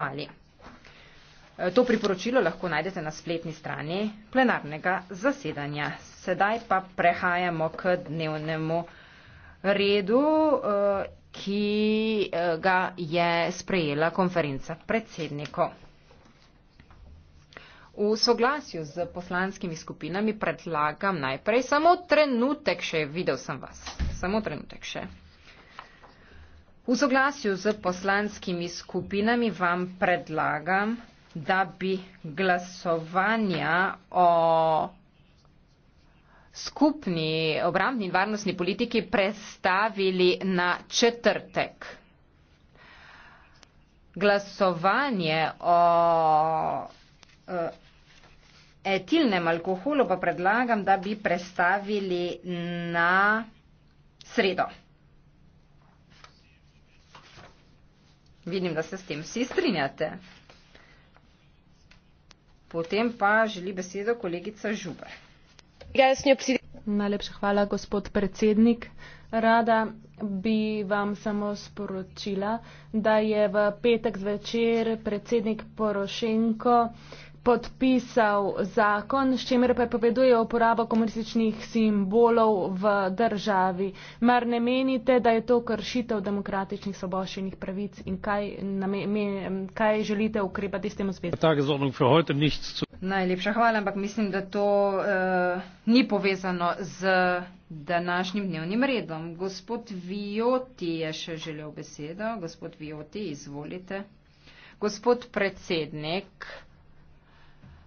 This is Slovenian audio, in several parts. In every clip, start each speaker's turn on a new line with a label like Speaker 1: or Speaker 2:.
Speaker 1: ali. E, to priporočilo lahko najdete na spletni strani plenarnega zasedanja. Sedaj pa prehajamo k dnevnemu redu, e, ki e, ga je sprejela konferenca predsednikov. V soglasju z poslanskimi skupinami predlagam najprej samo trenutek še, videl sem vas, samo trenutek še. V soglasju z poslanskimi skupinami vam predlagam, da bi glasovanja o skupni obrambni in varnostni politiki predstavili na četrtek. Glasovanje o uh, etilnem alkoholu pa predlagam, da bi predstavili na sredo. Vidim, da se s tem vsi strinjate. Potem pa želi besedo kolegica Žuba.
Speaker 2: Ja, Najlepša hvala, gospod predsednik. Rada bi vam samo sporočila, da je v petek zvečer predsednik Porošenko uh, podpisal zakon, s čimer pa je povedujejo uporabo komunističnih simbolov v državi. Mar ne menite, da je to kršitev demokratičnih soboščenih pravic in kaj, me, me, kaj želite ukrepati s tem zvezi? Najlepša hvala, ampak mislim, da to
Speaker 1: uh, ni povezano z današnjim dnevnim redom. Gospod Vijoti je še želel besedo. Gospod Vijoti, izvolite. Gospod predsednik.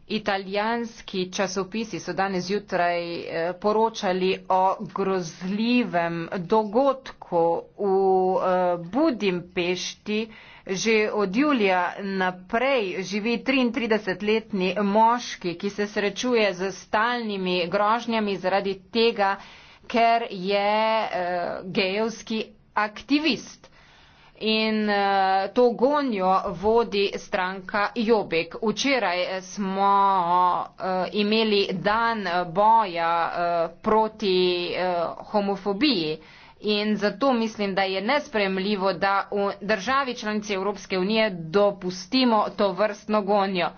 Speaker 1: Italijanski časopisi so danes jutraj eh, poročali o grozljivem dogodku v eh, Budimpešti. Že od julija naprej živi 33-letni moški, ki se srečuje z stalnimi grožnjami zaradi tega, ker je eh, gejovski aktivist in eh, to gonjo vodi stranka Jobek. Včeraj eh, smo eh, imeli dan boja proti homofobiji. In zato mislim, da je nespremljivo, da v državi članice Evropske unije dopustimo to vrstno gonjo.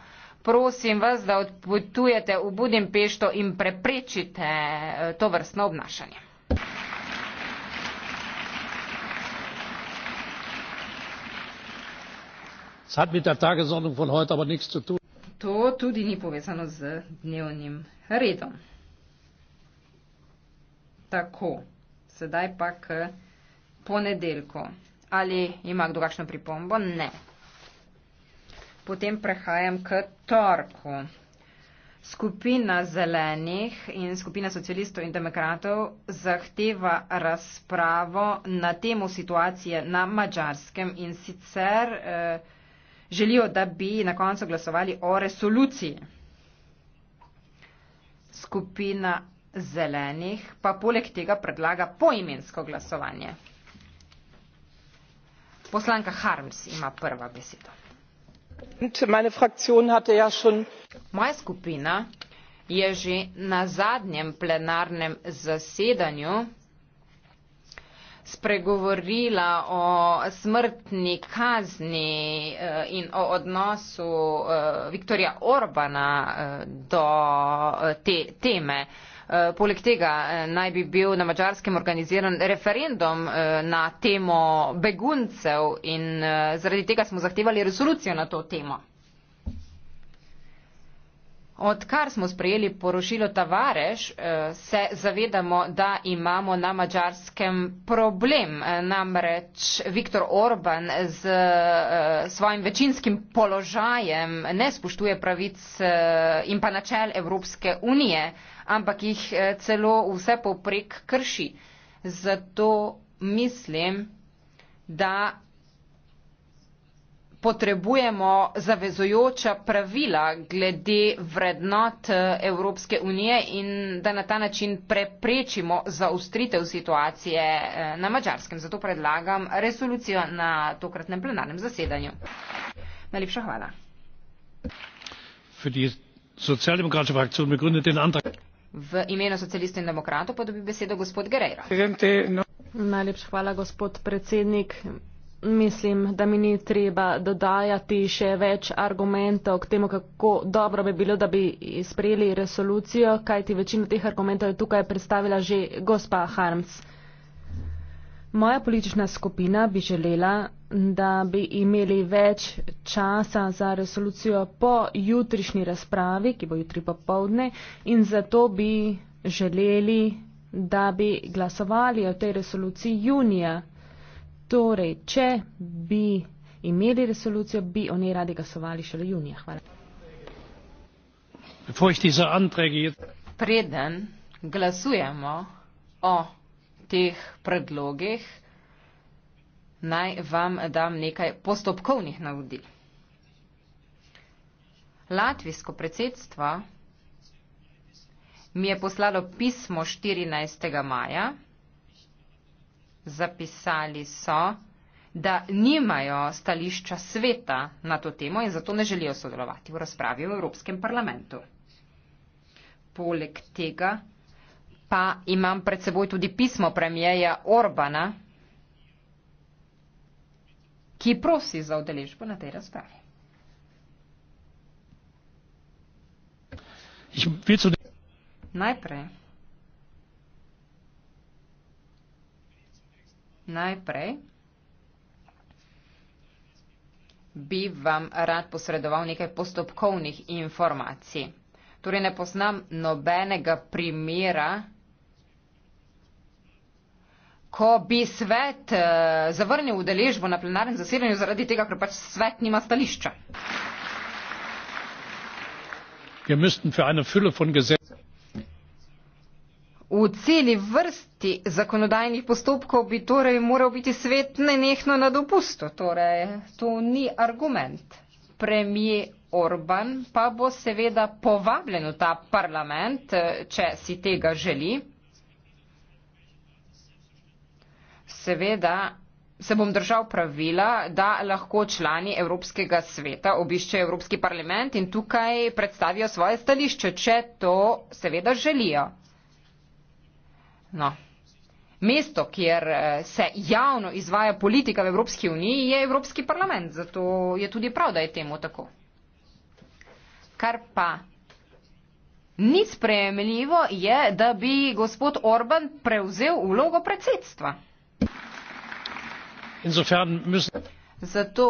Speaker 1: Prosim vas, da odpotujete v Budimpešto in preprečite to vrstno obnašanje.
Speaker 3: Das hat mit der Tagesordnung von heute aber nichts zu tun.
Speaker 1: To tudi ni povezano z dnevnim redom. Tako, sedaj pa k ponedeljku. Ali ima kdo kakšno pripombo? Ne. Potem prehajam k torku. Skupina zelenih in skupina socialistov in demokratov zahteva razpravo na temo situacije na mačarskem in sicer. Eh, želijo, da bi na koncu glasovali o resoluciji. Skupina zelenih pa poleg tega predlaga poimensko glasovanje. Poslanka Harms ima prva besedo. Ja Moja skupina je že na zadnjem plenarnem zasedanju spregovorila o smrtni kazni eh, in o odnosu eh, Viktorja Orbana eh, do te teme. Poleg tega naj bi bil na mačarskem organiziran referendum na temo beguncev in zaradi tega smo zahtevali resolucijo na to temo. Odkar smo sprejeli porošilo Tavareš, eh, se zavedamo, da imamo na mačarskem problem. Eh, namreč Viktor Orban z eh, svojim večinskim položajem ne spoštuje pravic in pa načel Evropske unije, ampak jih celo vse poprek krši. Zato mislim, da potrebujemo zavezojoča pravila glede vrednot eh, Evropske unije in da na ta način preprečimo zaustritev situacije eh, na mačarskem. Zato predlagam resolucijo na tokratnem plenarnem zasedanju. Najlepša hvala. V imenu socialistov in demokratov pa dobi besedo gospod Gerejra.
Speaker 3: No- Najlepša
Speaker 2: hvala, gospod predsednik mislim, da mi ni treba dodajati še več argumentov k temu, kako dobro bi bilo, da bi sprejeli resolucijo, kajti večino teh argumentov je tukaj predstavila že gospa Harms. Moja politična skupina bi želela, da bi imeli več časa za resolucijo po jutrišnji razpravi, ki bo jutri popovdne, in zato bi želeli, da bi glasovali o tej resoluciji junija. Torej, če bi imeli resolucijo, bi o njej radi glasovali šele junija. Hvala.
Speaker 1: Preden glasujemo o teh predlogih, naj vam dam nekaj postopkovnih navodil. Latvijsko predsedstvo mi je poslalo pismo 14. maja zapisali so, da nimajo stališča sveta na to temo in zato ne želijo sodelovati v razpravi v Evropskem parlamentu. Poleg tega pa imam pred seboj tudi pismo premijeja Orbana, ki prosi za udeležbo na tej razpravi. Najprej. najprej bi vam rad posredoval nekaj postopkovnih informacij. Torej ne poznam nobenega primera, ko bi svet eh, zavrnil udeležbo na plenarnem zasedanju zaradi tega, ker pač svet nima stališča. V celi vrsti zakonodajnih postopkov bi torej moral biti svet nenehno na dopustu. Torej, to ni argument. Premije Orban pa bo seveda povabljen v ta parlament, če si tega želi. Seveda se bom držal pravila, da lahko člani Evropskega sveta obiščejo Evropski parlament in tukaj predstavijo svoje stališče, če to seveda želijo. No. Mesto, kjer eh, se javno izvaja politika v Evropski uniji, je Evropski parlament. Zato je tudi prav, da je temu tako. Kar pa ni sprejemljivo, je, da bi gospod Orban prevzel vlogo predsedstva. Zato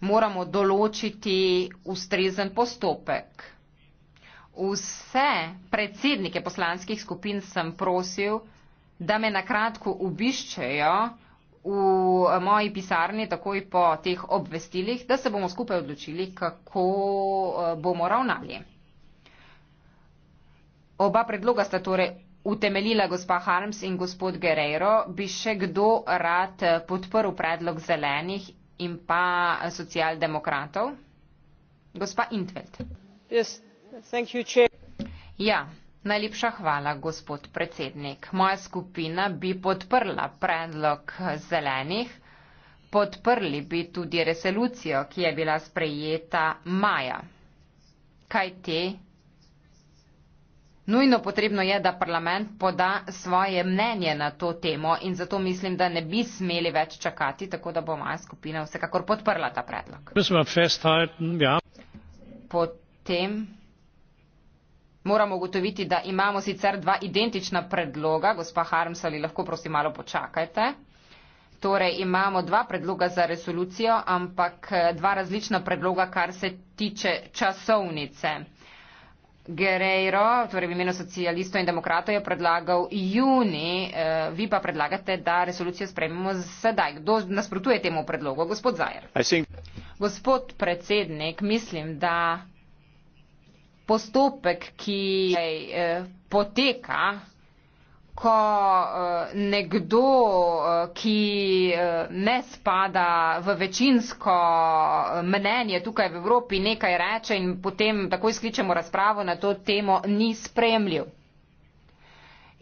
Speaker 1: moramo določiti ustrezen postopek. Vse predsednike poslanskih skupin sem prosil, da me na kratko obiščejo v moji pisarni takoj po teh obvestilih, da se bomo skupaj odločili, kako eh, bomo ravnali. Oba predloga sta torej utemeljila gospa Harms in gospod Guerreiro. Bi še kdo rad eh, podprl predlog zelenih in pa eh, socialdemokratov? Gospa Intveld. Jaz Ja, najlepša hvala, gospod predsednik. Moja skupina bi podprla predlog zelenih. Podprli bi tudi resolucijo, ki je bila sprejeta maja. Kaj te? Nujno potrebno je, da parlament poda svoje mnenje na to temo in zato mislim, da ne bi smeli več čakati, tako da bo moja skupina vsekakor podprla ta predlog.
Speaker 3: Ja. Potem
Speaker 1: moramo ugotoviti, da imamo sicer dva identična predloga. Gospa Harms, ali lahko prosim malo počakajte. Torej imamo dva predloga za resolucijo, ampak eh, dva različna predloga, kar se tiče časovnice. Gerejro, torej v imenu socialistov in demokratov, je predlagal juni, eh, vi pa predlagate, da resolucijo sprememo sedaj. Kdo nasprotuje temu predlogu? Gospod Zajer. Gospod predsednik, mislim, da postopek, ki eh, poteka, ko eh, nekdo, eh, ki eh, ne spada v večinsko eh, mnenje tukaj v Evropi, nekaj reče in potem takoj skličemo razpravo na to temo, ni spremljiv.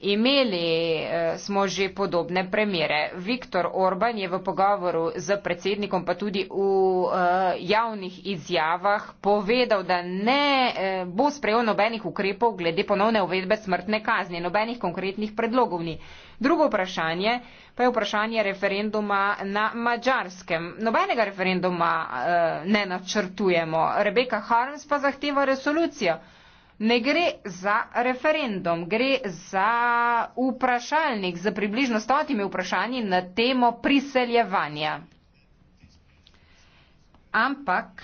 Speaker 1: Imeli eh, smo že podobne premjere. Viktor Orban je v pogovoru z predsednikom, pa tudi v eh, javnih izjavah, povedal, da ne eh, bo sprejel nobenih ukrepov glede ponovne uvedbe smrtne kazni, nobenih konkretnih predlogov ni. Drugo vprašanje pa je vprašanje referenduma na mačarskem. Nobenega referenduma ne načrtujemo. Rebeka Harms pa zahteva resolucijo ne gre za referendum, gre za vprašalnik z približno stotimi vprašanji na temo priseljevanja. Ampak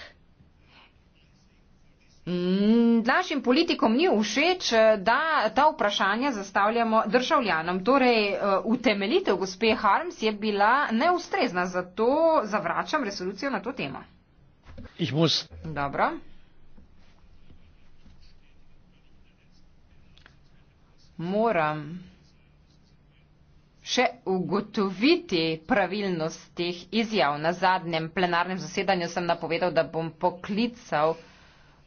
Speaker 1: mm, našim politikom ni všeč, da ta vprašanja zastavljamo državljanom. Torej, eh, utemeljitev gospe Harms je bila neustrezna, zato zavračam resolucijo na to temo. Dobro. moram še ugotoviti pravilnost teh izjav. Na zadnjem plenarnem zasedanju sem napovedal, da bom poklical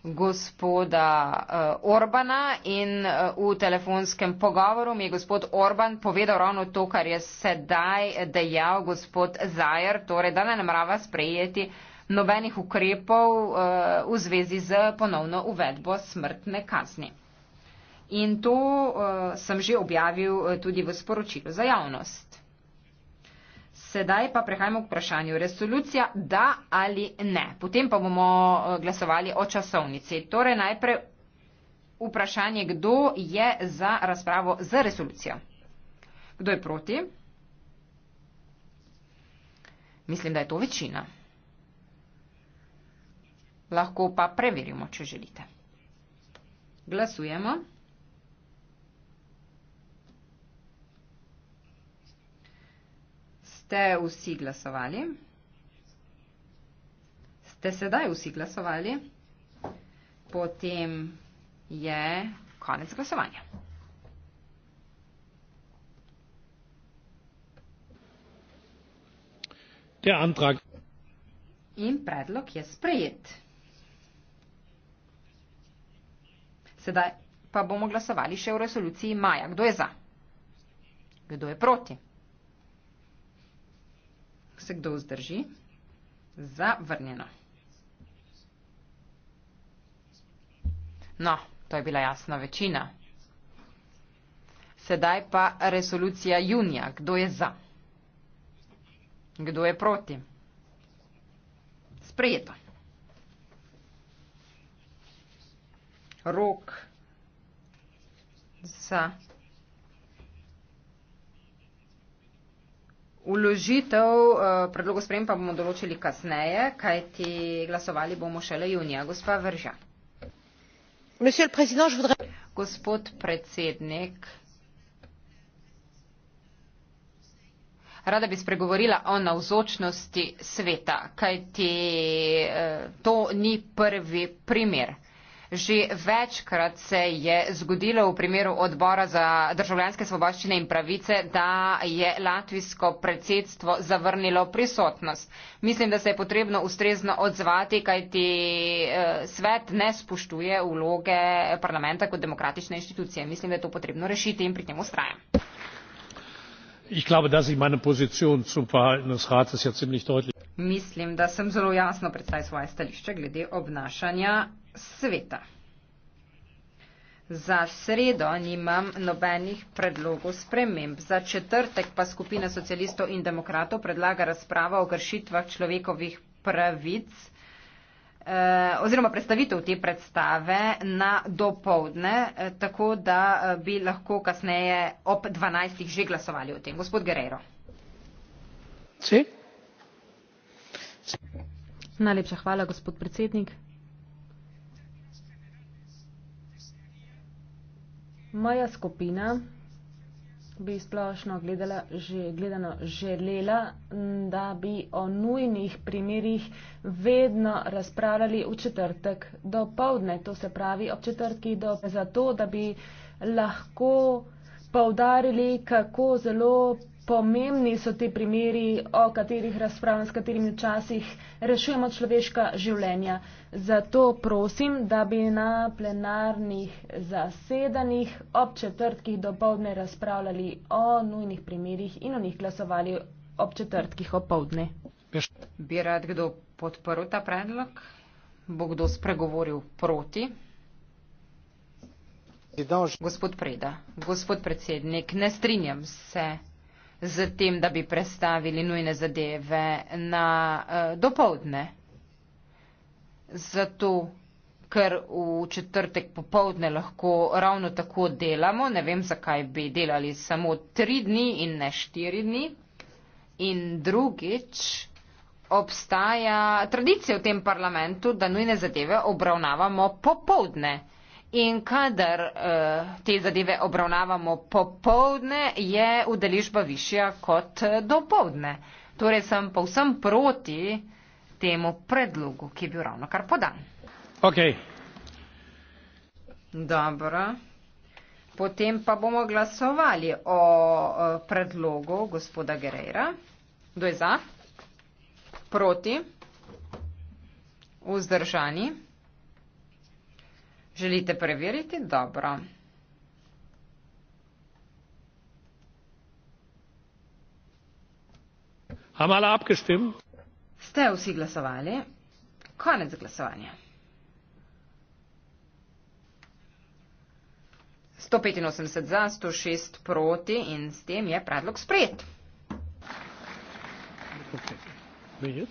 Speaker 1: gospoda uh, Orbana in uh, v telefonskem pogovoru mi je gospod Orban povedal ravno to, kar je sedaj dejal gospod Zajer, torej da ne namrava sprejeti nobenih ukrepov uh, v zvezi z ponovno uvedbo smrtne kazni in to uh, sem že objavil eh, tudi v sporočilu za javnost. Sedaj pa prehajamo k vprašanju resolucija da ali ne. Potem pa bomo eh, glasovali o časovnici. Torej najprej vprašanje, kdo je za razpravo za resolucijo. Kdo je proti? Mislim, da je to večina. Lahko pa preverimo, če želite. Glasujemo. ste vsi glasovali? Ste sedaj vsi glasovali? Potem je konec glasovanja. Der Antrag. In predlog je sprejet. Sedaj pa bomo glasovali še o resoluciji Maja. Kdo je za? Kdo je proti? se kdo vzdrži? Zavrnjeno. No, to je bila jasna večina. Sedaj pa resolucija junija. Kdo je za? Kdo je proti? Sprejeto. Rok za Uložitev eh, predlogov sprem pa bomo določili kasneje, kaj ti glasovali bomo šele junija. Gospa Vrža. Gospod predsednik, rada bi spregovorila o navzočnosti sveta, kaj ti eh, to ni prvi primer. Že večkrat se je zgodilo v primeru odbora za državljanske svoboščine in pravice, da je latvijsko predsedstvo zavrnilo prisotnost. Mislim, da se je potrebno ustrezno odzvati, kajti eh, svet ne spoštuje vloge parlamenta kot demokratične inštitucije. Mislim, da je to potrebno rešiti in pri tem ustrajam.
Speaker 3: Ich glaube, dass ich meine Position zum Verhalten des Rates ja ziemlich deutlich.
Speaker 1: Mislim, da sem zelo jasno predstavil svoje stališče glede obnašanja sveta. Za sredo nimam nobenih predlogov sprememb. Za četrtek pa skupina socialistov in demokratov predlaga razprava o kršitvah človekovih pravic eh, oziroma predstavitev te predstave na dopovdne, eh, tako da eh, bi lahko kasneje ob 12. že glasovali o tem. Gospod Gerero.
Speaker 2: Najlepša hvala, gospod predsednik. Moja skupina bi splošno gledala, že, gledano želela, da bi o nujnih primerjih vedno razpravljali v četrtek do povdne, to se pravi ob četrtki do zato, da bi lahko povdarili, kako zelo pomembni so ti primeri, o katerih razpravljamo, s katerimi včasih rešujemo človeška življenja. Zato prosim, da bi na plenarnih zasedanjih ob četrtkih do povdne razpravljali o nujnih primerjih in o njih glasovali ob četrtkih
Speaker 1: opovdne. Bi rad kdo podprl ta predlog? Bo kdo spregovoril proti? Gospod Preda, gospod predsednik, ne strinjam se z tem, da bi prestavili nujne zadeve na uh, dopoldne. Zato, ker v četrtek popoldne lahko ravno tako delamo, ne vem, zakaj bi delali samo tri dni in ne štiri dni. In drugič, obstaja tradicija v tem parlamentu, da nujne zadeve obravnavamo popoldne. In kadar uh, te zadeve obravnavamo popovdne, je udeležba višja kot eh, dopovdne. Torej sem povsem proti temu predlogu, ki je bil ravno kar podan. Ok. Dobro. Potem pa bomo glasovali o eh, predlogu gospoda Gerejra. Kdo je za? Proti? Vzdržani? Želite preveriti? Dobro. Ste vsi glasovali? Konec glasovanja. 185 za, 106 proti in s tem je predlog sprejet.
Speaker 3: Okay.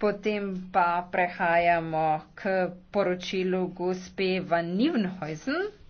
Speaker 3: Potem
Speaker 1: pa prehajamo k poročilu gospe Van Nivenhuizen.